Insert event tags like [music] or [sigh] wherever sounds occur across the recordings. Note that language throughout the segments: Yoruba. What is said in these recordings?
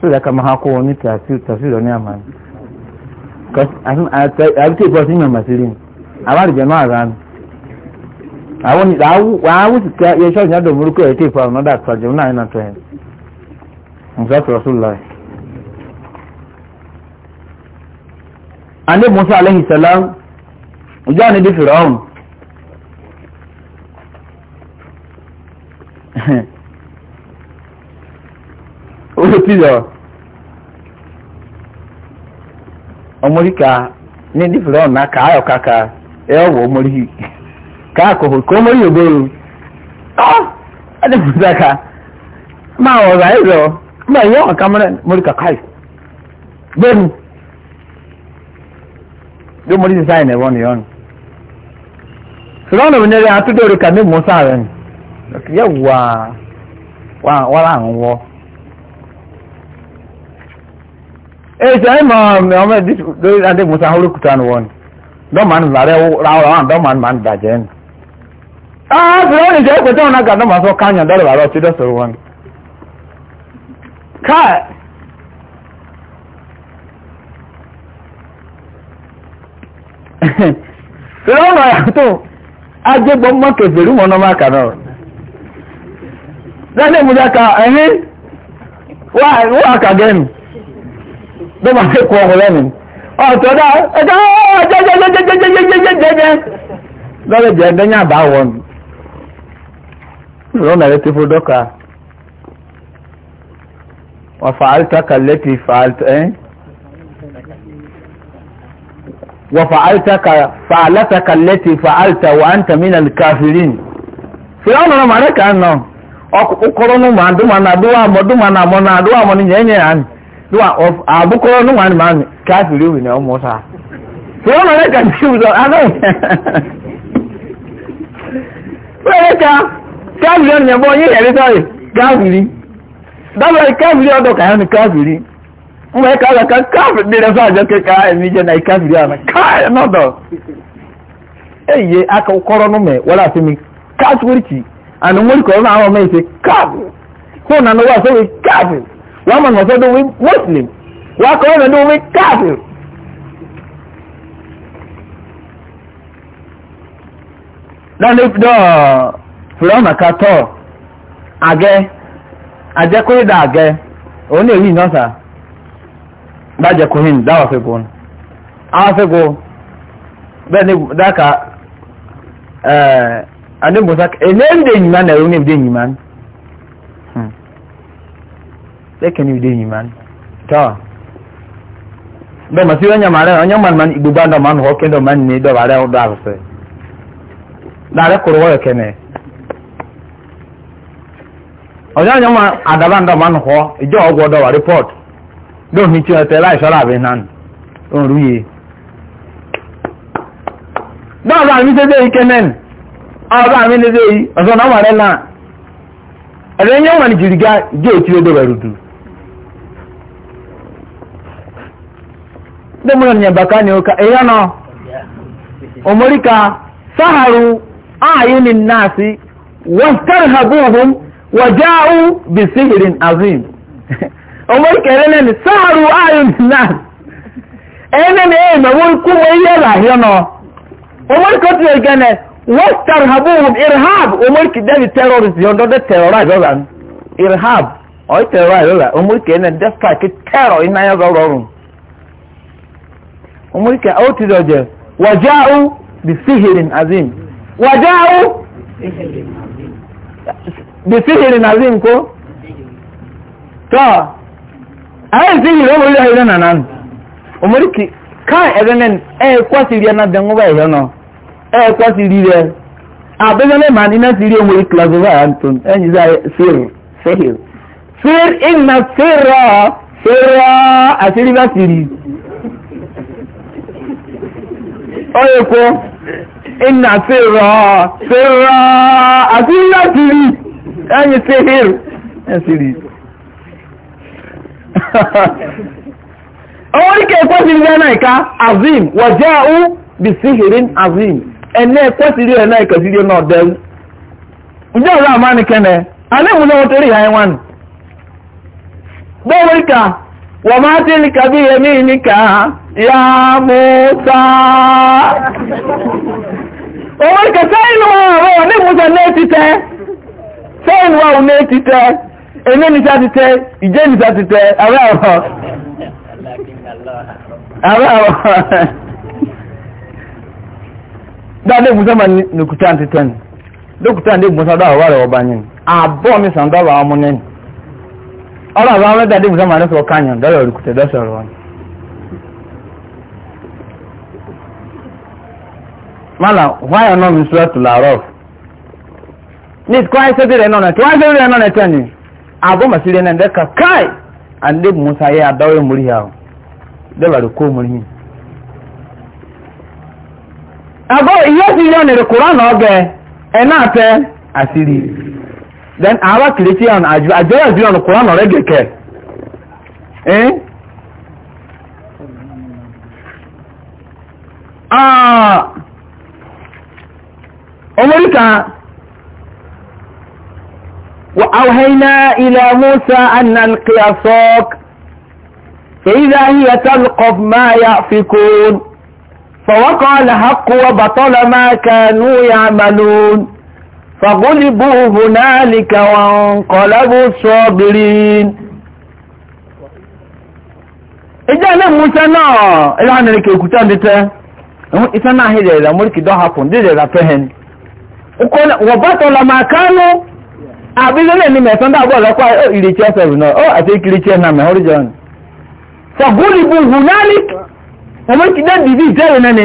so da kama hako wani tafsir wani amani àbí tí ìbọn sí yàn màsírí àwárìjẹ náà rán àwọn ìdá àwọn sì ká iye ṣọ́ọ̀ṣì àdó burúkú ẹ̀ tí ìfọ̀ ànádà àtàjọ náà iná tó ẹ̀ nǹkan tó rọ́sùn lọ. àndé musa aleyhi salam ojú àná ìdí fìrọ̀ ọ̀hún. oge pilo omorika ní ní fìlọ́ ọ̀nà ka kàkà ẹ ọ̀wọ̀ kò omori ògbóró ọ́ adébùsáka máa ọ̀rọ̀ e àìzọ̀ máa yọ̀ ọ̀kan mọ́rẹ̀ omorika káì gbẹ́nu bí omori ti sáyẹn ẹ̀wọ̀n nìyọ́n wà wà ẹ̀ṣẹ̀ ẹ̀ mọ̀ ọmọ ẹ̀dí lórí adé musa olókùtà ni wọ́n dọ́mà ní làárẹ̀ ráwọ̀ àwọn dọ́mà ní màá ní dàjẹ́ ni. ah fúlọ́ ní ìjẹ́ ìpẹ́tẹ́ ọ̀nà gàdọ́ màá sọ káyàn dọ́rọ̀ àrọ́ ti dọ́sọ̀rọ̀ wọn. káà fúlọ́ ọ̀nà yàtọ̀ ajégbọ́ mọ́ kẹfẹ́rú mọ́ ọ̀nà máa kà náà. dáadé musa ka ẹ̀hín wà á kà gẹ́nu ló máa fi kọ ọmọ lẹ́nu ọ̀tọ̀ dá ẹjọ́ jẹjẹjẹjẹjẹjẹjẹjẹjẹjẹ lọ́rẹ̀ jẹ́ ẹ̀dẹ́yìn àbá wọn lọ́nà rẹ̀ ti fún dọ́kà wọ́n fàálítà kàlẹ́tì fàálítà ẹ́ wọ́n fàálítà fàálítà kàlẹ́tì fàálítà wà ń tàmí nà káfírin fìlà ọ̀nà màrẹ́kà náà ọkọ̀ kọ́rọ́nù màdúmà nàdúwà mọ̀dúmà nàmọ́ nàdúwà mọ̀ ní yẹ́nyẹ́ àná wa of abukoro no one man kafiri wi na so wọn lọ lẹka ti wùzọ abẹ wọn lẹka kafiri ọdún yẹn bọ yín yẹn sọrọ kafiri dábàá kafiri ọdọ kàyọ ni kafiri n bẹ ká lọkà kafiri àjọ náà aka nù mẹ wọlé àti mi kafiri àná wọn kọrọ náà àwọn ọmọ ṣe wọ́n mọ̀ nǹkan tó wí muslim wọ́n kọ́ ọ̀nà tó wí káàfin. lọ́nà dọ́ fúlọ́nà ká tọ́ àgẹ́ àjẹkúrídà àgẹ́ òun lè rí iná sá bájẹkùnrin dáwọ̀ fẹ́ gùn àwọn fẹ́ gùn bẹ́ẹ̀ ni dáka ẹ̀ẹ́dẹ́gbọ̀nsá ẹ̀ẹ́dẹ́gbọ̀nsá ẹ̀ẹ́dẹ́gbọ̀nsá ẹ̀ẹ́dẹ́gbọ̀nsá ẹ̀ẹ́dẹ́gbọ̀nsá ẹ̀ẹ́dẹ́gbọ̀nsá ẹ̀ẹ́dẹ́gbọ̀nsá ẹ̀ẹ́dẹ́gbọ̀nsá ẹ̀ẹ́dẹ́gbọ̀nsá ẹ̀ẹ́dẹ́gbọ̀nsá ẹ̀ẹ́dẹ́gbọ̀nsá sẹ́kẹ̀ni ìdè yìí man tọ́ bẹ́ẹ̀ mọ̀ sí ọ̀nyà màrẹ́ ọ̀nyà màrẹ́ man ìgbogbo àdọ̀ man họ́ kẹ́ndọ̀ man ní dọ̀ àrẹ́ ọ̀dọ̀ àrùsẹ̀ dàrẹ́ kúrò wọ́yọ̀ kẹ́nẹ̀ ọ̀nyà ọ̀nyà mọ̀ àdàbà àdọ̀ man họ́ ìjọ ọgbọ̀ dọ̀ wà report dọ̀ ní tiwọn tẹ láì sọ́ra àbí nan òru yìí dọ́ọ̀bà mi ṣe dé ike nẹ́ni ọ̀bà mi ṣe dé yìí ọ̀sán náà wà rẹ̀ da munan ne baka ne ka e yana umurika saharu ayunin nasi wastarhabuhum waja'u bi sihrin azim umurika [laughs] yana ne saharu ayunin nasi ene ne ma wol kuma yela yana umurika to gane wastarhabuhum irhab umurika da terrorist yondo da terrorize ozan irhab oi terrorize omorika ó ti dọ̀jẹ̀ wàjáú bí síhìrìn azim wàjáú bí síhìrìn azim kó tọ́ ayé síhìrì omorika ayé nà nánu omorika káà ẹ̀rẹ́nẹ́n ẹ̀ kwásí rí ẹ̀nà dẹ̀ngọ́ bá ẹ̀yọ́ náà ẹ̀ kwásí rí rẹ̀ abẹ́lẹ́lẹ́ màá ní náà sí rí omorika lọ́sọ̀ bá àtún ẹ̀yìn sáyẹ síhìrì síhìrì síhìrì ìnà síhìrì síhìrì àti rí onye kwuo ịna sịrọ sịrọ asịrị ya siri anyị sihir ya siri ike ekwesịrị ya na-eka azim wajau bisihirin azim ene ekwesịrị ya na-ekesiri ndị ọzọ amanị kene anyị nwụrụ nwetara ya anyị nwanụ dọwere ka وما تلك بيمينك يا موسى Omar ka sáyìn wa ọ̀rọ̀ ní Musa ní títẹ́, sáyìn wa ní títẹ́, ẹni ní sá títẹ́, ìjẹ́ ní sá títẹ́, ààrẹ Musa ma nìkúta títẹ́ ni, lókúta Musa dáwà wà rẹ̀ ọba yìí, àbọ̀ mi sàn ọrụ abụọ ahụ dade bụ zama n'ụsọ kanyon dọla orukute dọsa ọrụ ọnụ mana why ọnọ mi sọ tụla arọ nit kwa ise dịrị nọ na tiwa ise dịrị nọ na tiwa ni abụ masiri na ndeka kai ande musa ya adawe muri ya dọla ruko muri abụ ihe si ya nere kuran oge ena ate asiri then àwa christian àjọ ìbílẹ̀ ọ̀nà koran ọ̀rẹ́ gẹ̀kẹ́ ọmọríkà وأوهينا إلى موسى أن ألقي عصاك فإذا هي تلقف ما يأفكون فوقع الحق وبطل ما كانوا يعملون فغلبوا هنالك وانقلبوا الصابرين ìjẹ́ ilé musa náà ìlànà ìrìnkè òkúta dìtẹ́ ìwọ̀n isa náà hìlẹ̀ ìlà mọ́ríkì dọ́hapùn dìde ìràfẹ́hẹ́n wọ́n bá tọ́lọ máa kánú àbílẹ̀lẹ̀ ní mẹ́sán dábọ̀ lọ́pàá ìrìnkè ẹsẹ̀rù náà ó àti ìkìrìkè náà mẹ́hórí jọun fọ̀gúrìbù hunalik mọ́ríkì dẹ́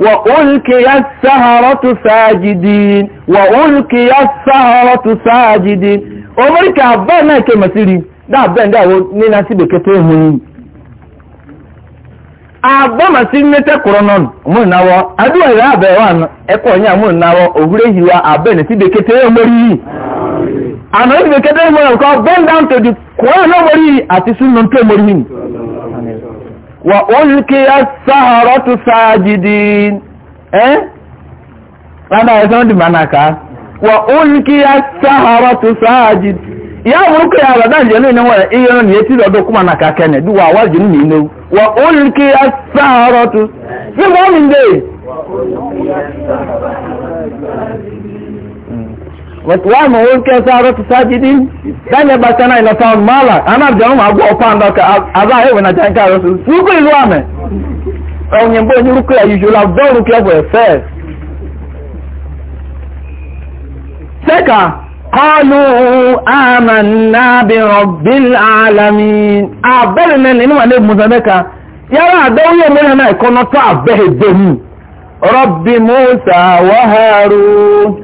وألقي السهرة ساجدين وألقي السهرة ساجدين أمريكا أبان na دا أبان دا نينا سيبه كتير àbọ̀ mà sí mẹ́tẹ́ kúrọ̀ náà mú ìnáwọ́ adúlọ̀ ìlà àbẹ̀ wà ní ẹ̀kọ́ ọ̀yìn àmú ìnáwọ́ òwúrẹ́ yìí wa àbẹ̀ ní sí bèkété wa ulkiya saharatu sajidin eh ana yasan di manaka wa ulkiya saharatu sajid ya buruku ya rada jenu ni wa iyo ni eti do kuma na ka kene du wa waji ni ino wa ulkiya saharatu fi wa min de wa ulkiya saharatu sajid wọ́n mọ̀ wọ́n kẹ́ sáré tó sáájì dín dáyẹ̀ bá tẹ́nà ìlọ táwọn mọ́là anábìyàn wọn àgbọ̀ ọ̀pá ǹdọ́kà àbá ẹ̀wẹ̀ na jẹ́ nǹkan rẹ̀ rúkú ìlú àmẹ́ ọ̀yìnbó ní rúkú ẹ̀yí ṣọlá bọ́ọ̀lù kẹfọ̀ ẹ̀fẹ́ sẹ́kà kọlu amanna bi rabbil alamin abẹ́rẹ̀ náà nínú wà ní yàrá àdéhùn mẹ́rin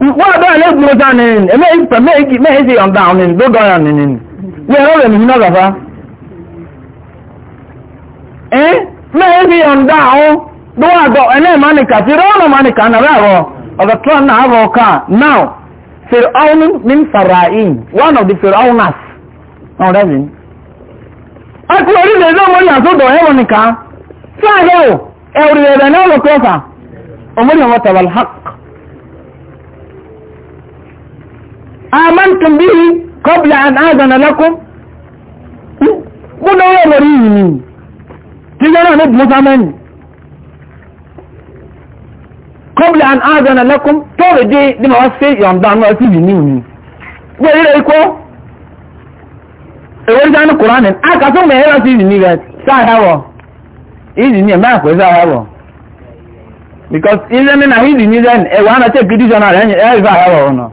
wọ́n bẹ́ẹ̀ lé gbúrò sáà ní mẹ́yìn sí ọ̀dá ọ̀nà ní lọ́dọ̀ ọ̀yà ní nínú wọ́n ẹ̀rọ rẹ̀ nìyí lọ́gàfà ẹ́ mẹ́yìn sí ọ̀dá ọ̀hún lọ́wọ́ àgọ́ ẹ̀lẹ́ mánìkà tí rọ́ọ̀nà mánìkà nàrà rọ̀ ọ̀dọ̀ tó ń náà rọ̀ ká now firaun min farain one of the firaunas ọ̀hún rẹ̀ bìn. ẹkú orí rẹ̀ ló mọ́rí àtúndọ̀ ẹ̀rọ nìkan sáà yẹ̀ wò ẹ̀rù rẹ̀ náà lọ amantum bihi qabla an adana lakum kuna wa mari ni tijara ne musa mani qabla an adana lakum to de de ma wase yonda no ati bi ni ni we ire ko e wori dan qur'an en aka so me era ti ni ga sa hawo izi ni ma ko sa hawo because izi na hizi ni then e wa na take decision ara en e va hawo no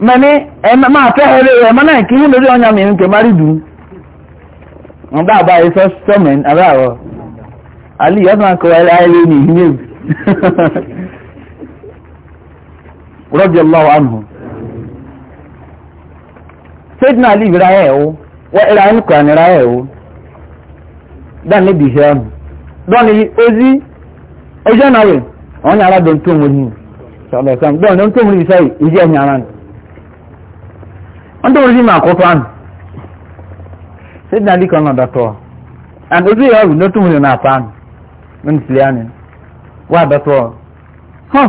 mani ẹmẹ máa fẹ́ ẹrẹ ẹmọ náà kí wọ́n lórí ọ̀nyà mi nkè mari dùn wọn bá àbá ẹsọ alì ní ìhìn ewu ọlọ́wọ́ ẹ̀wọ́ wọ́n ẹ̀wọ́ níbi ìṣẹ́ ọ̀nà dọ́ni ozi náà rẹ̀ tó ní tó wanda wurin ma kofa an na lika na dato an ya ru notu mun na fan mun silianin wa dato ha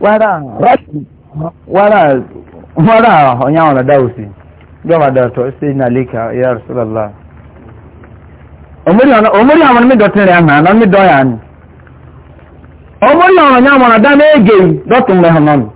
wara wara wara honya ona dausi gaba dato sai na ya rasulullah omori ona omori amon ahụ na mi omori ona nya mo na na ege dotun me hanon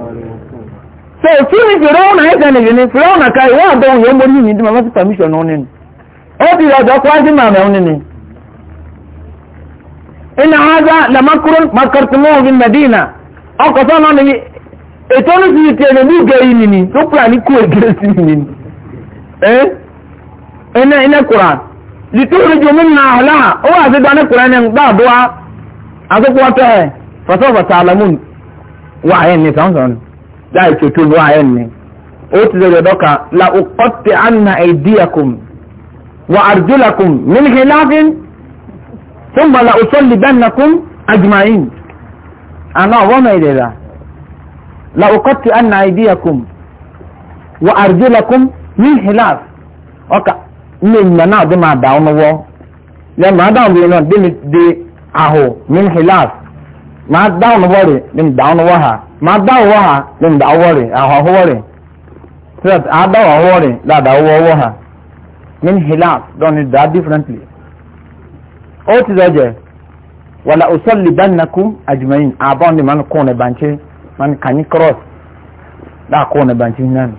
so tí ni na náà nìyí ni fìrọ́wọ́n na ka ìwé ya yẹn mo ní yìí ní màmá permission òun ni ó ti màmá ni. ina haza la makurun makartumu bin madina ọkọ̀ sọ́nà ni ètò ní ti tiẹ̀ ní ìgbẹ́ yìí nìní tó kúrà ní kú èdè sí ẹ ẹ na ala ó wà sí dání kura ní gbàdúrà àti wà dáì tuntun wá ẹ̀ ní ó ti lè dọ́ka la ọkọ̀tẹ̀ anna ẹ̀díyàkùn wa àrùjúlàkùn nínú ìlàfin tó ń bọ̀ la ọ̀sọ́lì bẹ́ẹ̀nàkùn ajumain àná ọ̀wọ́n náà ìdẹ̀dà la ọkọ̀tẹ̀ anna ẹ̀díyàkùn wa àrùjúlàkùn nínú ìlàf ọkà ní ìmọ̀ náà dé máa dà ọ́ lọ́wọ́ lẹ́nu adáwọn obìnrin náà dé mi dé àhò nínú ma down worry then down waha ma down waha then down worry ahwa worry so that adawa ah, worry that awo waha min hilaf don it that differently o oh, ti zaje wala usalli bannakum ajmain abon ah, man ko ne banche man kani cross da ko ne banche nan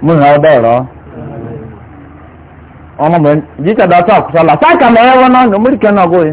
mun ha da ro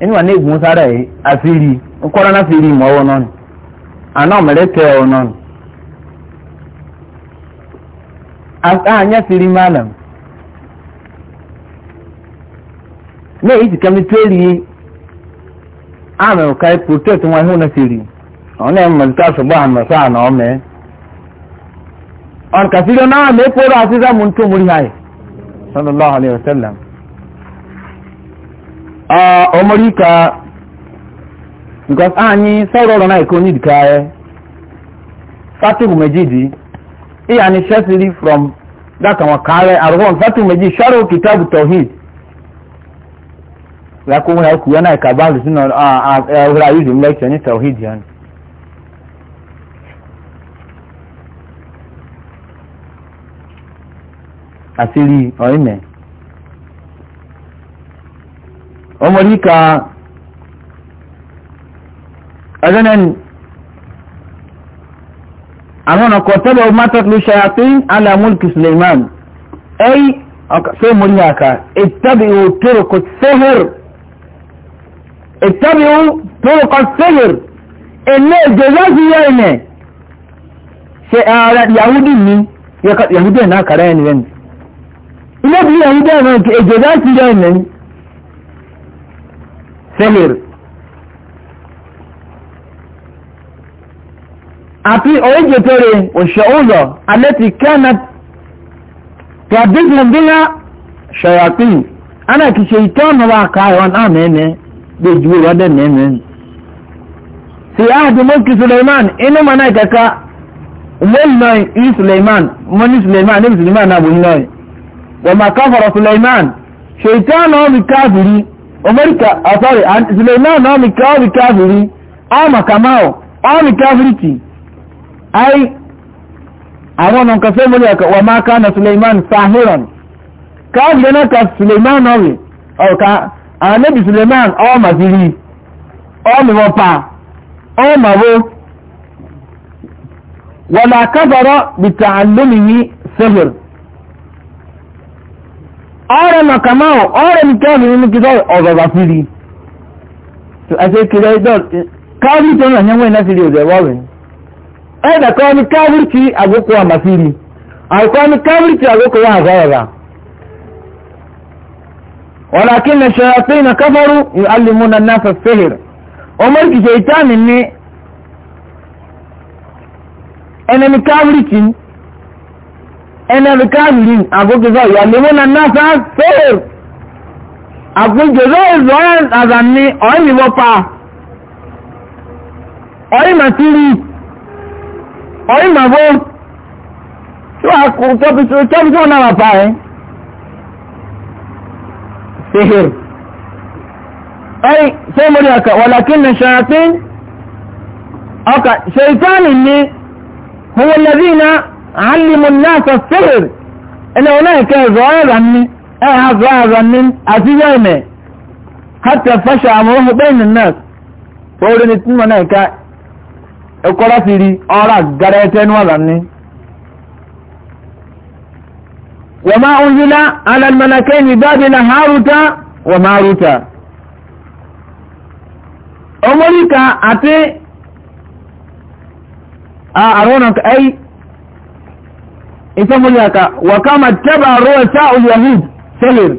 inuwa ne gun sara yi asiri nkwara na firi ma ọwọ nọnụ ana mere ke ọwọ nọnụ aka anya firi malam ne isi kami teri amẹ ka protect wọn ihu na firi ọ na ẹmọ ka sọgbọ àmọ sáà na ọmọ ọ̀n kàfíìrì náà mẹ́kọ̀ọ́ àti sàmùntò múrí hàì sallallahu alayhi wa sallam. ọmọríkà because anyị sọrọ ọrọ náà ikọ nídìí ká ẹ fatihu mejidi ìyá anyị ṣẹ́sìrì from dákàwọn kàárẹ̀ àrùwọ̀n fatihu mejidi ṣọ́rọ̀ kìtàbù tọ̀hìd lákò wọn kù yẹn náà ìka báàlù sínú ọ̀rọ̀ ayélujára mẹ́kẹ́ ní tọ̀hìd asịrị àṣírí ọ̀rìnmẹ̀. أمريكا أذنن أنا كتب ما تطلو شياطين على ملك سليمان أي سي مريكا اتبعوا طرق السهر اتبعوا طرق السهر إن جزازي أنا يعني. سيارة يهودي مي أنا هناك أنا ينزل يعني. إنه يهودي أنا يعني، جزازي أنا sẹ́hìr àti òyìnbẹ̀tẹ̀rẹ̀ òṣèúlọ̀ alẹ́tì kẹ́nà tàbíkùnbíná ṣọ̀yàpín anákìṣe ìtọ́nù wa káwọn àmẹ́mẹ́ gbèjú rọ́dẹ̀ mẹ́mẹ́ sí áàdì mọ́kì suleiman inú mọ́nà ìkẹ́kà mọ́nà ì suleiman mọ́nì suleiman ní suleiman náà wọ́n náà wọ́n Amerika ah sorry Suleiman na ah, ọmịka ọmịka afiri ọmaka ah, mao ọmịka ah, afiriti ai àwọn ọ̀nà nǹkan fẹ́mọ́lì wà máa ká na Suleiman sahiran káàkiri náà ka Suleiman ọ̀rẹ́ ọ̀ka ànábì Suleiman ọmọ firi ọmọ pa ọmọ wo wọ̀là kábọ̀rọ̀ bìtà àlómìnì sehir ọrẹ makamao ọrẹ mikẹọni nínú kìtọ ọgbàgbà fìrí àti kìlọ ìdọ káwí tó nà nyẹwọ iná fìrí òdẹ wọwẹ ẹdà kọ ni káwí tí àgókò àmà fìrí àìkọ ni káwí tí àgókò wà àgbà ọ̀rà ولكن الشياطين كفروا يعلمون الناس السحر عمر كي شيطان ني انني كافرتين ẹnẹ́rì káàdì àkókòsọ ìyàlẹ́wọ́nà náà fẹ́ẹ̀r àkójòzọ́ ìzọ́ àzàní ọ̀ìmìwọ́pa ọ̀ìmàtírí ọ̀ìmàbó tó àkójọ́ náà wà pa ẹ́ fẹ́ẹ̀r أي سيمري أكا ولكن الشياطين أكا شيطان هو الذين alimu nasa sirr ẹni wọn náà kẹ́ ẹ̀zọ́ ẹ̀rọ ni ẹ̀ azọ́ ẹ̀rọ ni àti yẹ́ mẹ́ hàtẹ̀ fẹ́ṣẹ̀ àmúhùn bẹ́ẹ̀ni náà fọ́ọ̀rẹ́ ni tí wọn náà kẹ́ ẹ̀kọ́ láti rí ọ̀rọ̀ àgàrẹ́ ẹ̀tẹ́nu ọ̀rọ̀ ni. wọ́n máa ń yílá alẹ́mọ̀lẹ́kẹ́ ní bábí na haruta wọ́n máa ruta. ọmọlíkà àti àwọn ọ̀nà ìtọ́mú ní àkà wàkàmà tẹ́bà rọ́ẹ̀ sáàul yahud sẹ́lẹ̀m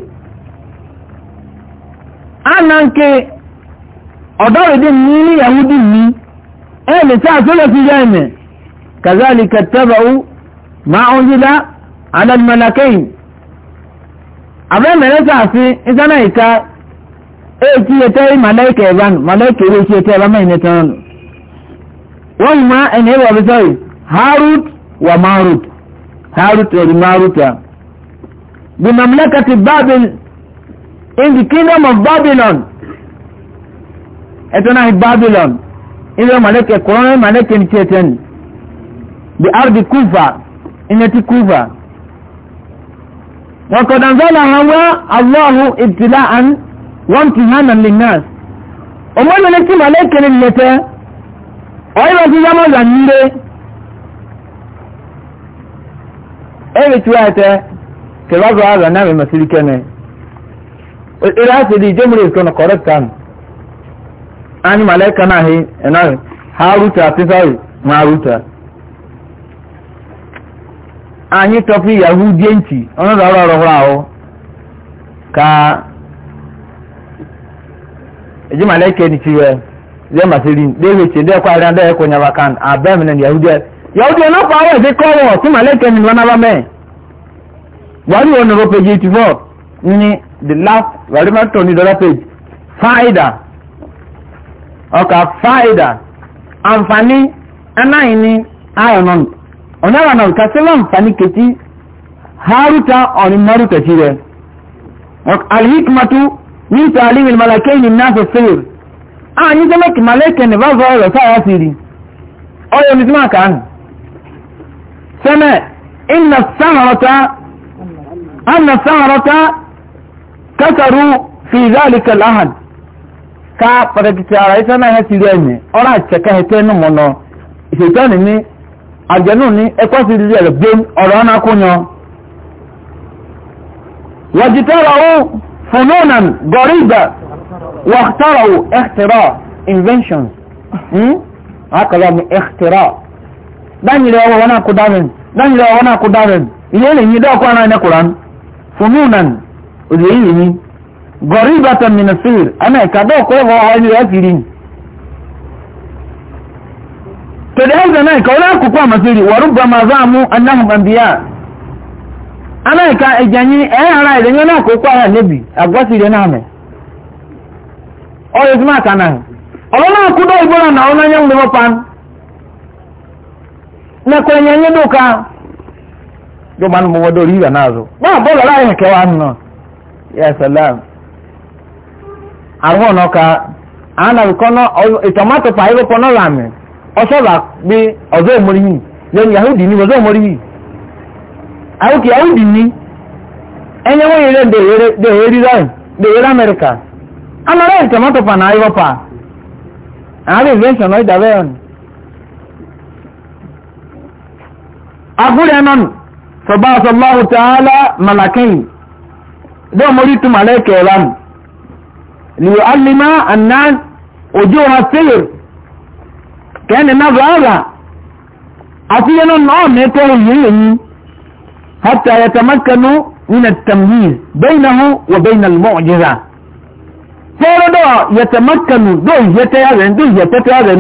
a na nke ọ̀dọ́rẹ̀dẹ́ ní ní yahudi ní ẹ̀mẹ̀ tí a sọ́lọ̀ sí yẹ́ ẹ̀mẹ̀ kàzálìkà tẹ́bà ó ma ń yílá alẹ́mọ̀lákẹ́yìn abẹ́mẹ̀rẹ́ sàfin ìsáná ìka ètí ẹ̀tẹ́ màláìkà ẹ̀bánu màláìkà èrè wa marut هاروت وماروت بمملكة بابل in the kingdom of Babylon ito na Babylon ilo maleke korona maleke ni cheten bi ardi kufa inati kufa وقد أنزلها الله ابتلاء وامتهانا للناس ومن نتي ملائكة للتي أيضا في زمان ذنبه ebe ci wa ta ke ba ba ga na me masiri kene ira su di jemure ko na correct kan ani malaika na he ina haruta tisai maruta anyị tọpụ yahudie nti ọnọdụ ọrụ ọrụ ọhụrụ ahụ ka eji e nti ya ya masịrị ndị eweche ndị ekwe arịa ndị ekwe nyaba kan abem na yahudie yahudi ọlọ́pàá wẹ̀ sí kọ́wọ̀ tí màlẹ́kẹ́ ni wọn náà mẹ́ wàhálì wọn page eighty ní the last wàhálì máa tọ̀ ní dọ́là page fáìdà ọkà fáìdà àǹfààní ẹnáyìn ah, ní ayọ̀nà ọ̀nàrànà kàṣẹ́lá àǹfààní kẹtí haruta ọ̀ní mọ́rù kẹtí rẹ̀ alhikmatu ní tààlí ìmàlàkẹ́ ní náà fẹ́fẹ́ àyíjẹ́lẹ́kì màlẹ́kẹ́ ní bá zọ ọ̀rọ̀ sáà wá sí rí ọ̀yọ́ mi سمع إن السهرة أن السهرة كسروا في ذلك الأهل ka pàtàkì ti ara ìsáná ẹ̀ ti rẹ̀ ní ọ̀rọ̀ àtẹ̀kẹ́ ẹ̀tẹ́ nù mọ̀nà ìṣètọ́ni ní àjẹnù ní ẹ̀kọ́ sí ilé rẹ̀ gbé ọ̀rọ̀ ọ̀nà wàjítọ́rọ̀ fúnúnan gọ̀rígbà wàtọ́rọ̀ ẹ̀tẹ̀rọ̀ inventions. akọ̀lọ́ mi ẹ̀tẹ̀rọ̀ danyere ọwọ wọn akụ darin danyere ọwọ wọn akụ darin ihe na-enye dọọkụ ara anyị kwụran fumunan ozuru enyi gọrọ ibatan minasir ana ka dọọkụ ẹwọ ọwọ anyị ya firi kedu ẹzẹ náà ka ọlọ akụkọ amasiri wọrụ bamaza amụ anahụ ambiya ana ka ẹjanyi ẹyẹ ara ẹdẹ nye náà kọkọ ara nebi agwasiri náà mẹ ọ kana ọlọ náà kụ na ọlọ anyanwụ lọ pan. na kwenye nye duka ndio maana mwadori hiyo nazo ba bora la yake wano ya salam arwo noka ana kono itomato pa hiyo pono lame osola bi ozo muri ozo muri ni au ki yahudi ni enye wo de de na hiyo pa agúrẹ́ nánu sọba sọláhù tààlà malakẹ́yìn dẹ́wọ̀n mo rí tu malẹ́kẹ̀ ránù lìyọ alìmá àná òjò ha sẹ́yẹ̀ kẹ́ni náà rárá àti yẹn náà mi tó yìí yìí hátà yàtàmákanú nínú tàmíyìí bẹ́yìn náà wọ bẹ́yìn náà lọ́wọ́ jìrà fọ́rọ́ dọ́ yàtàmákanú dọ́ ìyẹ́tẹ́ yàrá ní dọ́ ìyẹ́tẹ́ yàrá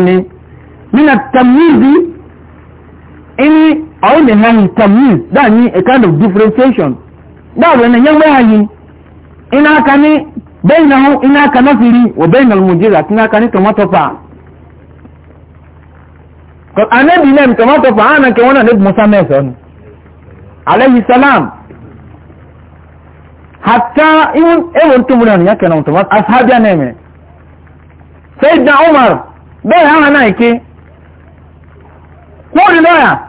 ini awo ne ha yi tamyiz that mean a kind of differentiation that wani yan waya yi ina ka ni bẹ́yìn náà iná ka náà fi rí wọ bẹ́yìn náà mùjírí àti iná ka ní tomato pa anabi náà tomato pa ààrùn kẹwọn náà níbi musa mẹ́sàn án alayhi salam hatta ihun ewon tó múra nìyà tomato umar bẹ́ẹ̀ hàn náà ike kúrò lọ́yà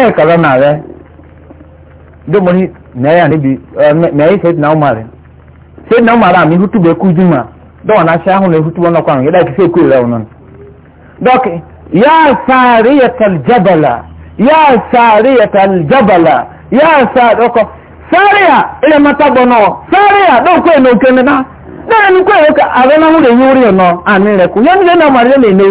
ẹ kàlọ́ na rẹ dómọ́ni mẹ́rin níbi mẹ́rin ṣe na ọmọ na ọmọ rẹ àmì hútùbù ẹkú jùmọ̀ dọ́wọ̀n náà ṣe ya ní hútùbù jabala ya yẹ́dá ìkíṣẹ́ ìkú ìrẹ́ ọ̀nà. dọ́kì yá sáré yẹtàl jábàlà ya sáré yẹtàl jábàlà yá sáré ọkọ sáré à ilẹ̀ mọ́tà náà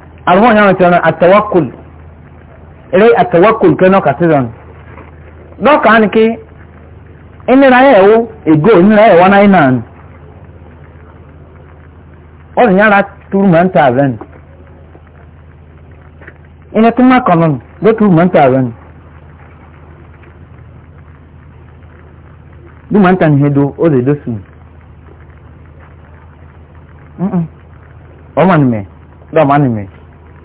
àwọn ìyá wọn ti rán àtẹwọ́kùl eré àtẹwọ́kùl kẹ́ náà kàtìrán dọ́kà ni kí ìnira ẹ̀wọ́ ègò ìnira ẹ̀wọ́ náà iná ni ó sì yára túrú mọ́ ń ta ààrẹ ni ìnà tó má kàn lọ́nà ló túrú mọ́ ń ta ààrẹ ni bí mọ́ ń ta nìyẹn do ó lè dó sùn ọmọ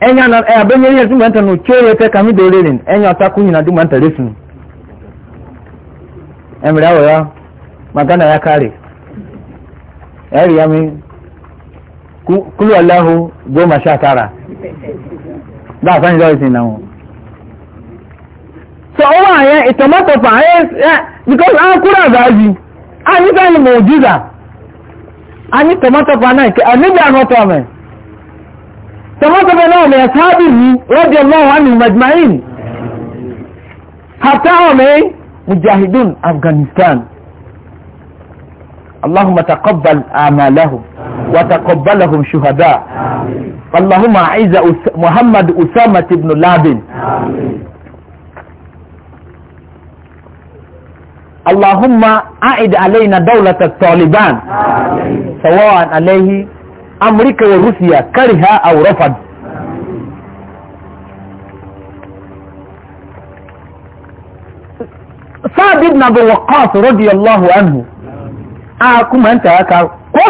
enya na e eh, abenye ihe zuma nta no chere te kami do lerin enya ta kunyi na duma nta lesu emre awo ya magana ya kare eri ya mi kulu allahu goma sha tara da san jo isin na so o wa ya itomato fa ya because an kura zaji ani kan mujiza ani tomato fa na ke ani da no to me فوصف يا لأصحابه رضي الله عنهم أجمعين حتى هم إيه؟ مجاهدون أفغانستان اللهم تقبل آمالهم وتقبلهم شهداء اللهم عز محمد أسامة بن لادن اللهم أعد علينا دولة الطالبان سواء عليه amurka wa rusiya kariha a rafad sa'ad ibn abu waqqas radiyallahu anhu a kuma n ta ka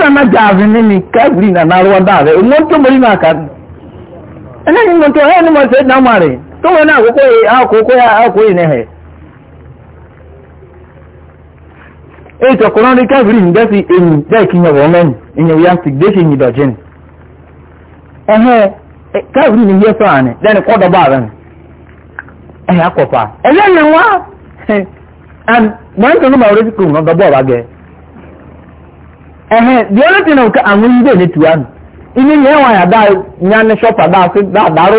na na jazini ni kagiri na na ruwan da ga mun to muri na ka ina eh, ni mun to he ni mun sai na mare to wani akoko ya akoko ya akoko ne he ètò ọkùnrin káfíìrì ní dẹ́sí èyí bẹ́ẹ̀ kí yẹn wọ́n mẹ́rin ìyẹn ìyá ti gbéṣe yìí dọ̀jẹ́ ni ẹ̀hẹ́ káfíìrì ní yẹ sọ̀rọ̀ ni dẹ́ni kọ́ dọ́bà rẹ̀ ẹ̀hẹ́ akọ̀fà ẹ̀yẹ́ ni wá and wọ́n tún mọ̀ orí kùn náà ọ̀bá gẹ̀ ẹ̀hẹ́ di ọ̀rẹ́ tí náà àwọn ilé ní tuwa nù ilé yẹn wà yà dáa ṣọ́pà dáa sí dáàdáró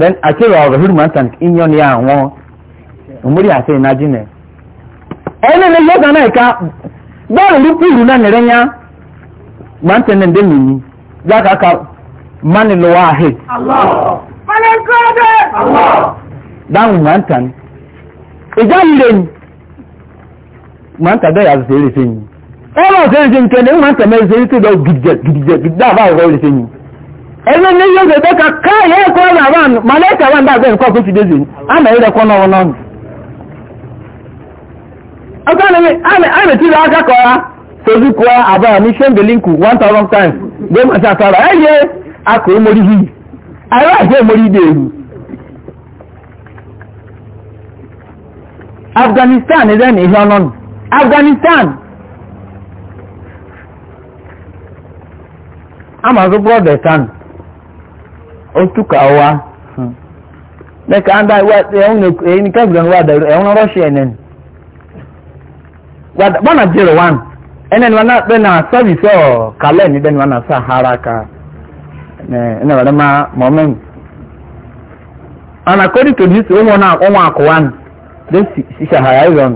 then akyere ọrọ hiri mantan inyo ni àwọn na jine ẹni ni yoga náà ka bẹẹni rupu na nire nya mantan na ndé ya zaka aka mani lọ wa ahe mani nkọọdẹ mantan ìjà nire mantan bẹẹ yà sẹyìn sẹyìn ẹ bá sẹyìn sẹyìn ebe ne yau da daga kayan ya kuwa na ban malaika ban da zai kwakwa fi dezi ana na da kwanan wannan aka ne ana ana tira aka kora sozu kuwa a ba ni shan 1000 times dai ma sha tara ai ye aka yi mori hi ai ba elu afghanistan ne zai ihe afghanistan ama zụ brọda otuka wa mẹka anda ẹhun ẹyin kẹgbẹrún wa dẹrù ẹhun rọṣì ẹnẹn bọna jẹrọ wan ẹnẹni wọn bẹ na sọfisi ọ kalẹ ni bẹni wọn na sa hara ka ẹnẹ wọn ma mọmẹn ana kọri to nisi wọn na wọn akọ wan de sisa hara ẹyọ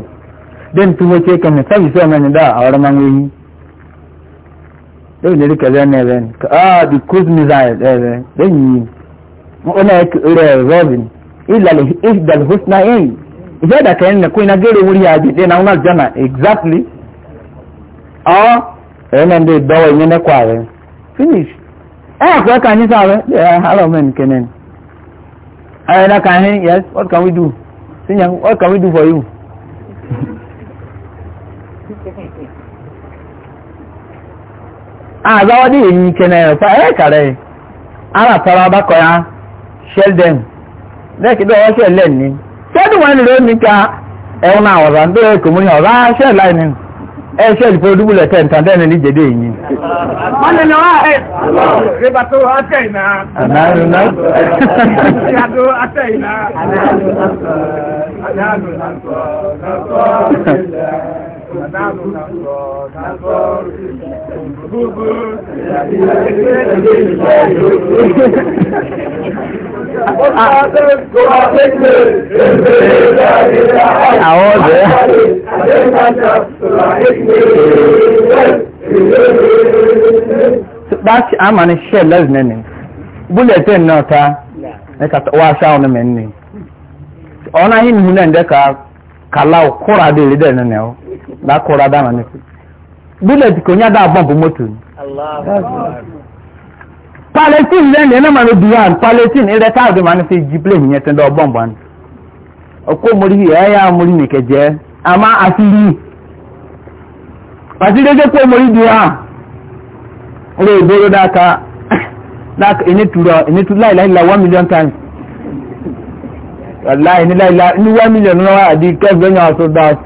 then tuwo kye kẹmẹ sọfisi ọ mẹni dá àwọn ọmọ wọn yìí lẹ́yìn lórí kẹlẹ́ ẹ̀nà ẹ̀rẹ́ ni ah the cruise missile ẹ̀rẹ́ lẹ́yìn yìí ọ̀nà rẹ̀ rọ́ọ̀bìn ìlàlẹ̀ ìdàlẹ̀ hosùnà ẹ̀yìn ìfẹ́ ìdàkẹ́ ẹ̀nà kó iná gẹ́rẹ́ wúrí àjẹjẹ náà wọn àjọ náà exactly ọ̀ ẹ̀rẹ́ náà ń dé ìdọ́wọ́ ìyẹn nẹ́kọ̀ ààrẹ finish ẹ̀ àpò ẹ̀ka ní sáré ẹ̀ hello men kẹ́nẹ́ni ayọ̀dá kan yes what can we do senior what can we do for you. azawa dị enyi ike na ya kwa e kare ara tara abakọ ya sheldon dem deki do wa shell len ni se du wan lo mi ka e una ora ndị ko ni e shell po dubu le ten enyi wa e re ba to ate na na na na na na na Àwọn ọ̀dẹ́. Báṣì àmà ni ṣẹ́ lẹ́sìn ẹni. Búlẹ̀tẹ̀ náà ta, ẹ̀ka wá ṣáwọn ọmọ ẹni. Ọ̀nà yìí nìhun náà ń dẹ́ka kalau kora de lide ne ne o da kora da na ne bullet ko nya da bomb moto Allah Palestine le ne na ma du han Palestine e da ta de man fi jible ni yete do bomb an o ko mori ya ya mori ne ke je ama asiri asiri je ko mori du ha o le do da ka da ene tura ene tura la la 1 million times wallahi ni laila ni one million náà àdí kẹ́gbẹ́ yẹn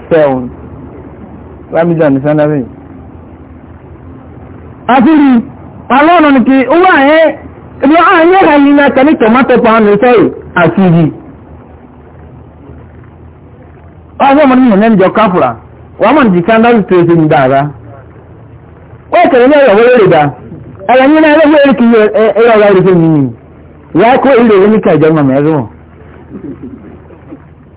sẹ́wọ̀n one million ní sanari. àti rí àwọn ọ̀nà ni kí anyị àyẹ́ ibi àyẹ́ ẹ̀ka yìí ní tomato pound ní sẹ́yìn àti rí. ọ̀sẹ̀ ọmọdé yẹn lẹ́nu jọ káfùrà wọ́n mọ̀ ní ní ní ẹ̀rọ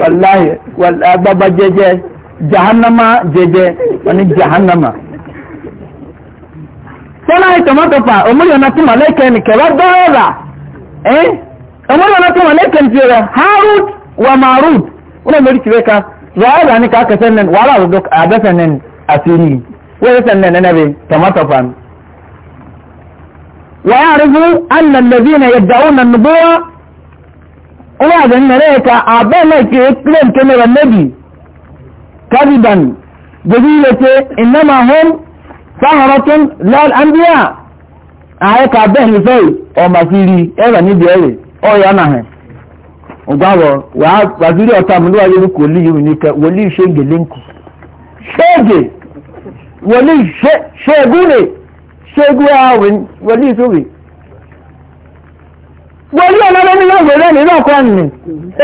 والله والبابا جيجي جهنم جيجي يعني جهنم فانا ايتما تفا امور يناتي ملائكة انك وارد هذا ايه امور يناتي ملائكة انك يرى هاروت وماروت انا مريد شبكة ظاهر انك اكا سنن ولا ردوك ابا سنن اسيري ويا سنن انا بي تماتفا ويعرفوا ان الذين يدعون النبوة ina da nare ka abin da ke claim kamar nabi kadiban jazila ce innama hum saharatun lal anbiya aye ka be ni fe o ma firi e ba ni biere o ya na he o gba wo wa wa firi ota mu wa yeru ko li yu ni ka woli shege linku shege woli she shegune shegu awin woli sobi wọ́n yóò lọ́lọ́ ní láwọn ẹ̀rẹ́ nínú ọkọ̀ nì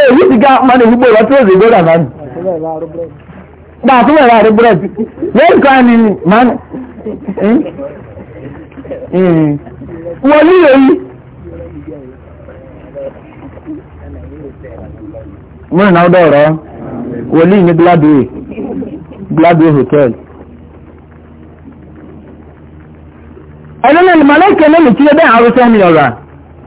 èyí ti ga ọmọdé gbogbo ìwọ́n tí ó lè gbọ́dọ̀ náà nì. gba àtúmọ̀ ẹ̀rọ àrẹ búrẹ́dì lẹ́yìn kan ní ní mánu. wọ́n ní èyí. múrin náà dọ̀rọ̀ wòlíì ní gladway gladway hotel. ẹ̀rọ náà ni màlẹ́kẹ̀ẹ́ náà lè kí ẹ bẹ́ẹ̀ àrùsọ mi ọ̀rọ̀ à.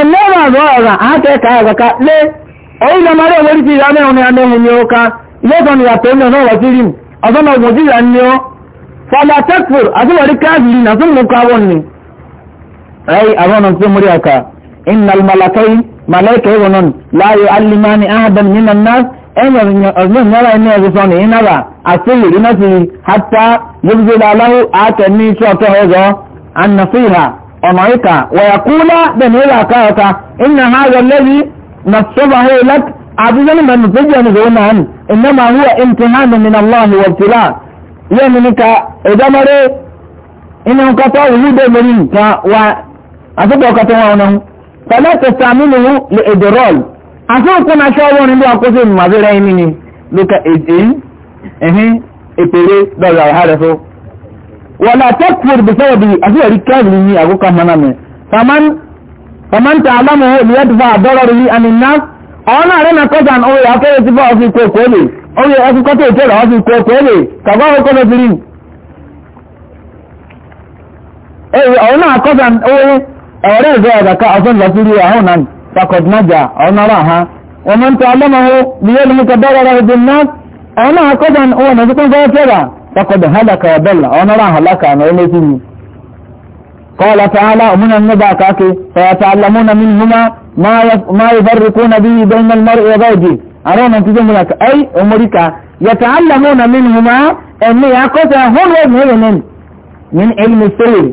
ẹ̀mẹ́rọ àbọ̀ ọ̀rà àátẹ́ka àgbàká lé ọ̀yìn ọmọ rẹ̀ wọ́n ti ránẹ́ òní anẹ́hùn ní ọka ilé-ẹ̀kọ́ ni yàtọ̀ ní ọ̀nà sí rí ọ̀sán ọgbọ̀n sí ìyá ní ọ́ fọlá tẹ́kùr àtúwọ̀rí káàkiri nà tó mú káwọn ni. ẹ̀yí àwọn ọ̀nà tó múrí ọ̀ka iná malakai malaika ìwọ̀n náà láàyò alimani ahadan nínà náà ẹ̀yìn ọ̀sán ìyára ẹni ẹ̀sìn sọ ní iná rà àṣeyì iná ti hàtà yóò ọ̀nà ìkà wọ̀yàkúlá bẹ̀rẹ̀ ìlà àkáyọ̀ká iná ha yọ lẹ́yìn na sọ́bà ha ilẹ̀ àbújá ní mẹ́rin péjì ẹni zòun náà ni iná máa hú ẹ̀ǹtì ha ní nínú aláhùn wọ̀tìlá yẹ́ mi níka ìdámọ́rẹ́ iná ń kọ́tọ́ wùlú dé lórí nǹkan wa àtúbọ̀ kọ́tọ́ wọn náà pẹ̀lú ẹ̀sẹ̀ sàmì nìyí lè èdè rọ́ọ̀l àtúnkù náà ṣọ́ wọn níbi àkóso ìmọ̀ ولا تكفر بسببه أفيري كاذبين أقوك منامي فمن فمن تعلمه ليدفع ضرره عن الناس أنا رنا كذا أو يا كذا تبغى في كوكولي أو يا أخو كذا تبغى في كوكولي كذا هو كذا تري أي أنا كذا أو أوري زاد كأصلا لفيري أهونا فقد نجا أنا راها ومن تعلمه ليدفع ضرره بالناس أنا كذا أو نزكم كذا فقد هلك وضل وانا راح هلك انا ونسيني قال تعالى من النبأ كاكي فيتعلمون منهما ما ما يفرقون به بين المرء وزوجه أرانا تجمع لك أي أمريكا يتعلمون منهما أن يقصى هم وجههم من علم السر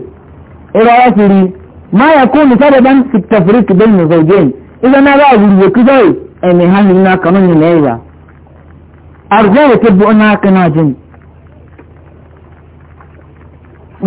إلى آخره ما يكون سببا في التفريق بين الزوجين إذا ما بعد الكذب أن هل هناك من يلعب ارجوك بانها هناك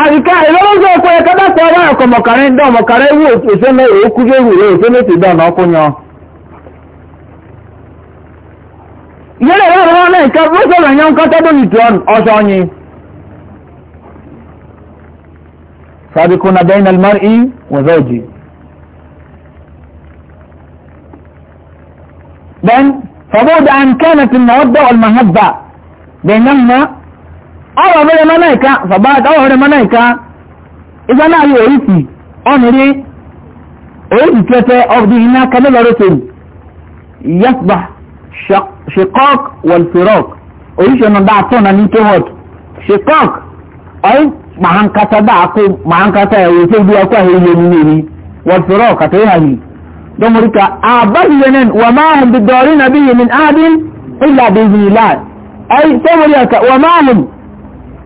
àríká ìlọ́lọ́sọ ọkọ̀ ẹ̀kọ́ dákọ̀ ọwọ́ ẹ̀kọ́ mọ̀kàrí ń dán mọ̀kàrí wú òṣèlú èékú lórí rẹ̀ òṣèlú ti dán ọkọ̀ yan. ìyẹ́lẹ̀ wà lọ́wọ́ náà ìka bó sọ̀rọ̀ yan kọ́ tọ́dún ìtù ọ̀ṣọ́ yín. then فبعد أن كانت المودة والمحبة بينهما ọwọ mere manaika fabata ọwọ mere manaika iza na ayi orisi ọnuri orisi tete of the ina kanela rotin yasba shikok wal firok orisi ọna da atọ na ni tohot shikok ọyị mahankata da akụ mahankata ya wee fegbu akwa ha ihe ni niri wal firok ata ịha hi don murika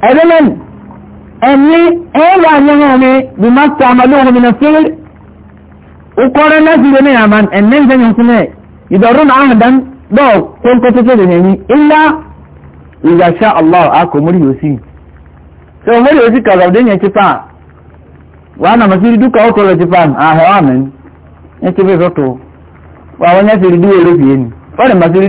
ẹ̀dẹ́lẹ́nì ẹ̀mí ẹ̀rọ àyẹ̀wò mi bí má ta àmàlóhùn mi nàfẹ́rẹ́ ukọ́rẹ́ láti lé ní àmà ẹ̀nẹ́ ìfẹ́yìn fún ẹ̀ ìdọ̀rọ̀ náà àhàdán dọ́ọ̀ tó ń kọ́tọ́ tẹ̀lé nìyí ilá ìgbàṣà allah akọ mórí yóò sí ṣe o mórí yóò sí kàzọ̀ ọ̀dẹ́ yẹn ti pa wà á nà mà sí rí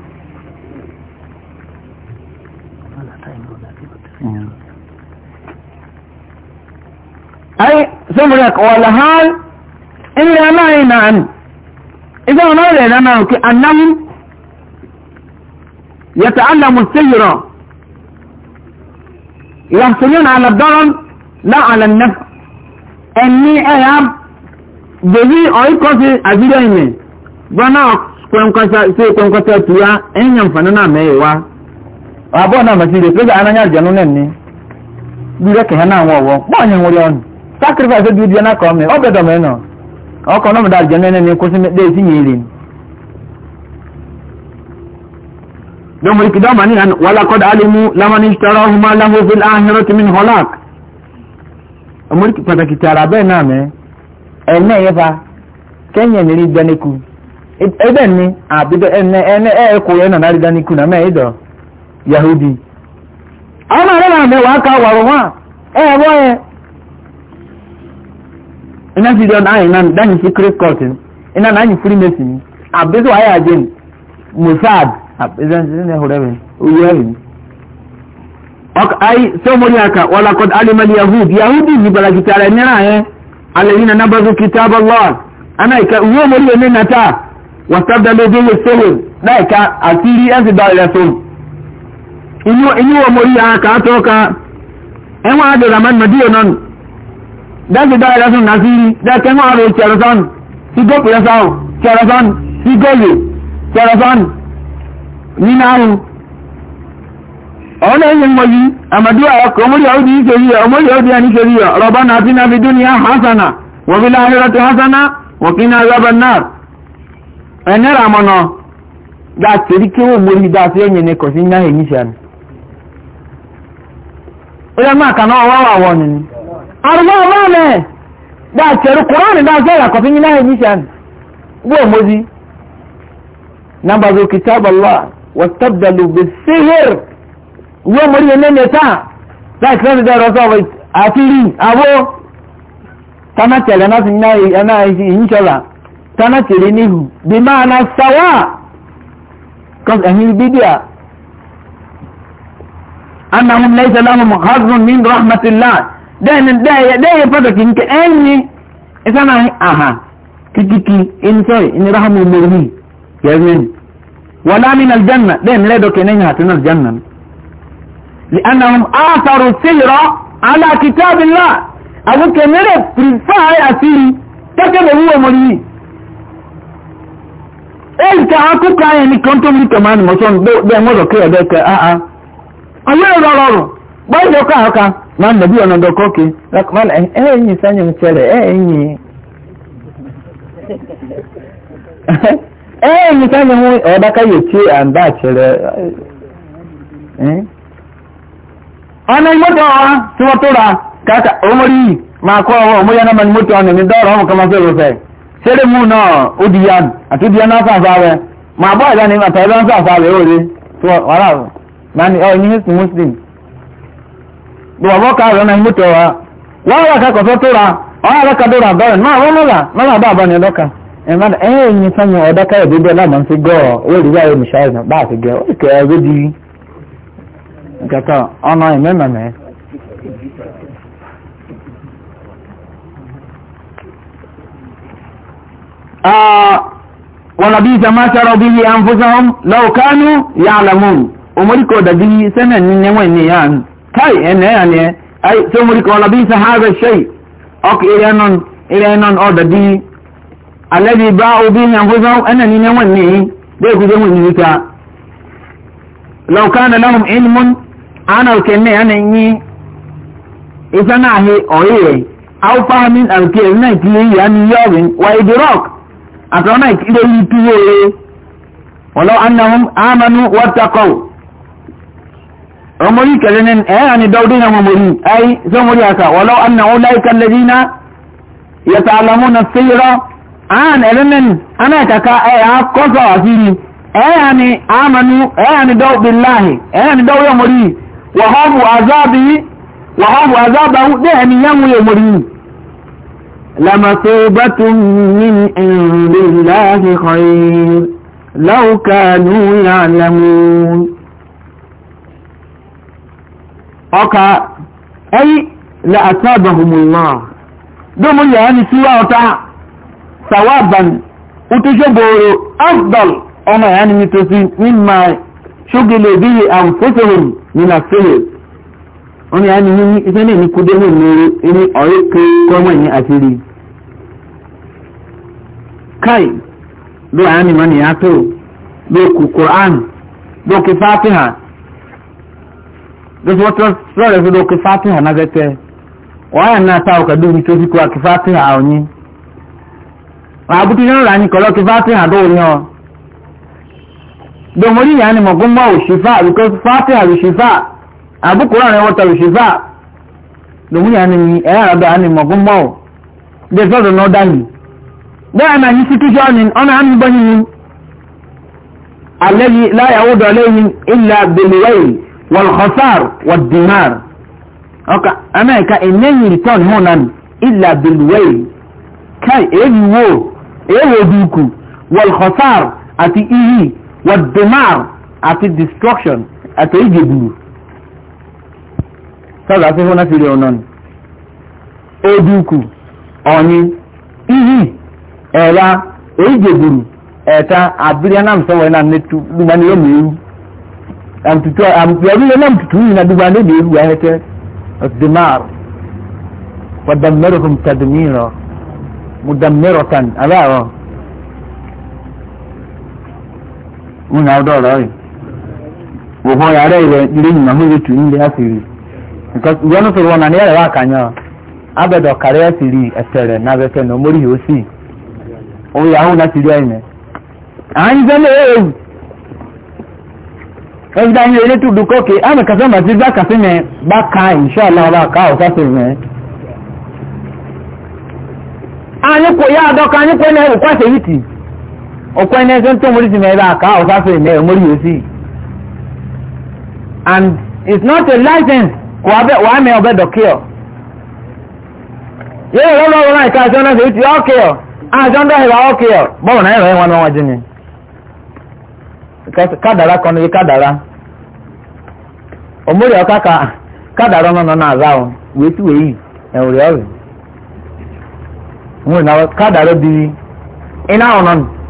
ai zumrak wal hal illa ما inan idan ma da nan يتعلم السيرة يحصلون على الضرر لا على النفع ẹni ẹ̀yà bèbí ọ̀íkọ́sí àjíjọ́ ìmẹ̀ gbọ́nà sí kọ́nkọ́sí ọ̀túwá ẹ̀yàn fàánà náà mẹ́yẹ̀ wá àbọ̀ náà mẹ́sí rẹ̀ pẹ́gbẹ̀ anáyà jẹ̀nú náà ní bí rẹ́kẹ̀ẹ́ náà wọ̀wọ́ pọ́ọ̀yẹ̀ wọlé sacrifice dị ụdị na ka ọmị ọbịadọ mị nọ ọkọ nọ mụda ajọ nene na ekwesị mekpe etinye iri don mu ikida mani an wala kod alimu lamani ishtara huma lahu fil ahirati min holak amuri pataki tara be na me ene yefa kenya ni ridaniku ebe ni abido ene ene e ko yana na ridaniku na me ido yahudi ana rela me wa ka waruwa e boye ina fi don ayin nan dan shi secret court ina nan yi freemason abizu aya jin musad abizan ne horabe uyawi ok ai so mo yaka wala qad alima al yahud yahudi ni bala kitara ni na eh alladhina nabazu kitab allah ana ka uwo nata. le na ta wastabdalu bi yusuf da ka asiri an da rasul inu inu mo yaka to ka enwa de raman madiyo non dáàbì dáa ẹ̀rọ sùn nàásì rí dáàkẹ́ máa ro tẹ̀rọ̀sán sí góòpù yẹn sáwọn tẹ̀rọ̀sán sí góòyè tẹ̀rọ̀sán nínú àrùn. ọ̀nà ẹ̀yìn mọ̀ yìí àmàdí ọkọ̀ ọmọdé ọdún yìí ṣèyí ọmọdé ọdún yẹn ṣèyí rọ̀bá náà fi náà fi dúnìyà hasana wọ́n fi láàrin rẹ̀ ti hasana wọ́n fi náà rọ́bà náà. ẹ̀ní ràmọ̀nà dáàtì rí kí wọ́n mórí dáàtì ẹ̀yìn ni kò sí ní arúgbó ọmọ mẹ dáa tẹ̀rù kùránì dáa sọ̀rọ̀ àkọ́fí yín náà yìí sàn gbé òmòdì nàbàzó kìtàbàlá wàtàbdàlù bẹ síhìr wọ́n mọ̀rí yẹn lẹ́nu ẹ̀ta láì kí lẹ́nu dẹ́rọ sọ̀rọ̀ àtìrí àwọ̀ tánà tẹ̀lẹ̀ náà sì náà yìí sọ̀rọ̀ tánà tẹ̀lẹ̀ then there there product nke enyi isa na aha kitiki in sorry in rahmu murmi yamin wala min aljanna then le doke ne hatin aljanna لانهم اثروا السير على كتاب الله ابو كمير بريفاي اسيري تكبه هو مريم ẹ̀ǹkà akókò ayẹ̀ ní kọ́ntọ́mù kẹmàánì mọ́sán bẹ́ẹ̀ mọ́sán kí ẹ̀dẹ́kẹ́ àá ọ̀yẹ́ ìrọ̀rọ̀rọ̀ bọ́ọ̀dọ̀ káàkàá ma nabi ọ̀nà dọ̀kọ́kì lakọ́lá ẹ̀yìn sányẹ̀ mùsẹ̀lẹ̀ ẹ̀yìn ẹ̀yìn sányẹ̀ mú ọ̀dọ́ká yóò tí à ń bá àṣẹrẹ ọ̀nà ìmọ́tọ̀ ọ̀rá tí wọ́n tó ra káàkà ọmọrí máa kọ́ ọwọ́ ọmọyá náà ni mọ́tọ̀ ọ̀nà ní dọ́ọ̀rọ̀ ọmọ kọmọ fẹ́rẹ̀ fẹ́ ṣeré mú náà ó di yan àti di yan fàfà rẹ̀ máa bọ́ ìdánimọ̀ àtàwọn fàfà rẹ̀ ó rí tí wọ́n wà láàrú bọ̀wọ̀ ká náà mútọ̀ wa wọ́n wà kakọ̀ tó tóra ọ̀rọ̀ àlọ́kà náà wọ́n lọ́la lọ́la bá àbọ̀rẹ̀ lọ́ka ẹ̀mọ́dà ẹ̀yìn sọ́yìn ọ̀dọ́kà ẹ̀dẹ́ bẹ́ẹ̀ láàmú sí gọ́ owó ìdílé náà bá àti gẹ́ kai ene eh, yani eh, ai so muri ko nabi sa hada shay ok irenon irenon o da bi alladhi ba'u bi yanfuzum anani ne wanne dai ku je mun yi ta law kana lahum ilmun ana kenne anan yi isana he oye aw fahmin al kiyas e, e, na kiyi yani yawin wa idrak atona ikire yi tuwe walau annahum amanu wattaqu عمري كذنن إيه؟ يعني دودين عمري أي زمري هكا ولو أن أولئك الذين يتعلمون السيرة عن إذنن أنا تكا أي أقصى أسيني أي يعني آمنوا أي يعني دو بالله أي يعني دو يمري وهم عذابي وهم عذابه دهني يمو يمري لمثوبة من عند الله خير لو كانوا يعلمون ọka ayi la asabahumullah domin ya ni suwa wata sawaban utushe boro afdal ọmọ ya ni mitosi mimma ṣogile bihi anfusuhum min asiri ọmọ ni yini ise ne ni kude ne mere ini ọrẹ ke kọmọ ni kai ya ni mani ya to do ku qur'an do ki dosi wọ́n sọ̀rọ̀ ẹ̀fọ́ lókè fatiha náà gẹ́gẹ́ wọ́n yàn náà táwọn kàdé omi tó fi ha àkè fatiha ọ̀yìn àbútí náà rà ní kọ́lọ́ kí fatiha dó orin ọ domori yàn ni mọ̀gbọ́n mọ́ ha àbíkọ́ fatiha òṣìfà àbúkúrò rẹ̀ wọ́tà òṣìfà domori yàn ni ẹ̀yà rẹ̀ bẹ́ẹ̀ ni mọ̀gbọ́n mọ́ ò dé sọ́dọ̀ náà dání bẹ́ẹ̀ náà yìí sítú sọ́ọ̀nì ọ̀nà na bọ́ yìí alẹ́ yìí والخسار والدمار أوكا أمريكا إنني ريتون هنا إلا بالويل كاي إيه وو دوكو والخسار أتي إيه والدمار أتي destruction أتي إيه دو سأل هنا في ليونان إيه دوكو أني إيه إيه إيه دوكو ẹ̀ta àbírí anáàmùsọ́wọ̀ iná ní amtutu yawile na mtutu hii na dubane ni hivu yahete الدمار ودمرهم تدميرا مدمرة ألا من أوضاع رأي وهو يرى لين ما هو يتوين لها سيري because wọ́n fi wọn àníyàn wá kànyọ́ abẹ́dọ̀ kàrẹ́ ẹ̀sìrì ẹ̀sẹ̀rẹ̀ nábẹ́fẹ́ ní omórí na sí òun yahoo láti rí Huu ẹ̀ à ń zẹ́lẹ̀ ẹ̀rù ẹgbẹ́ ayé ilé tó dùkọ́ kí àmì kàfẹ́ màtí bá kàfẹ́ mẹ́ bá ka ìṣọ́ aláwọ̀ ká ọ̀ká sí mẹ́. anyịkwa ya adọka anyịkwa ene ụkwasị iti ọkwa ene eze ntụ omori si mee ebe a ka ọka sị mee omori osi and it's not a license kwa abe wa mee ọbẹ dọkịọ yẹ yọrọ lọrọ náà ìka àti ọ̀nà sí iti ọkịọ àti ọ̀ndọ̀ ìwà ọkịọ bọ́ọ̀ náà ẹ̀rọ ẹ̀wọ̀n ọwọ́ jẹ́ ni. kadara kọ n'ihe kadara omori ọka ka kadara nọ nọ n'azụ ahụ wee tu eyi enwere ọrịa nwere na kadara biri ị na-ahụ nọ